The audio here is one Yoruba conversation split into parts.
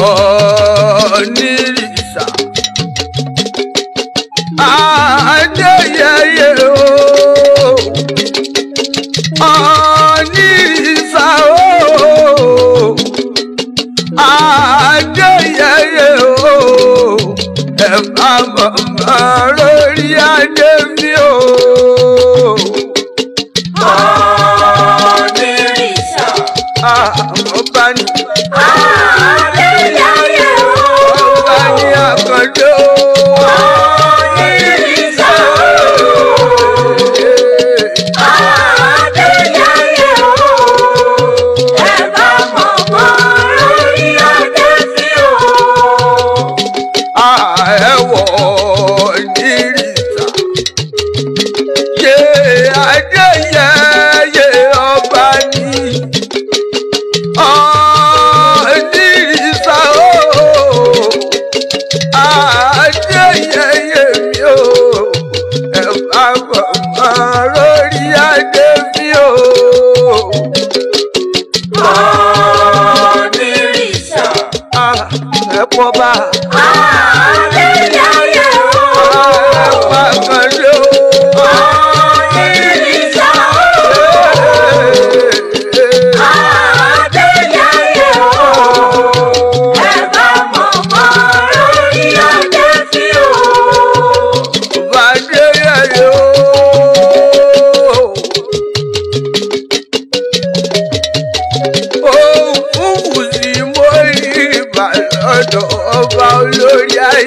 nírìsà adéyẹyẹ o onírìsà o adéyẹyẹ o ẹ má mọ̀ mọ́ lórí adé mi o. ọ̀nìrìsà. àwọn ah, bá ní. rẹ̀ pọ̀ bá.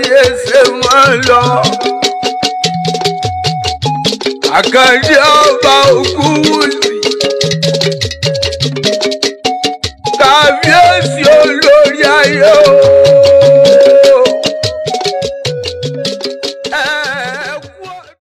yé ṣe mọ́ lọ. Àkàndé ọba òkú wúlò.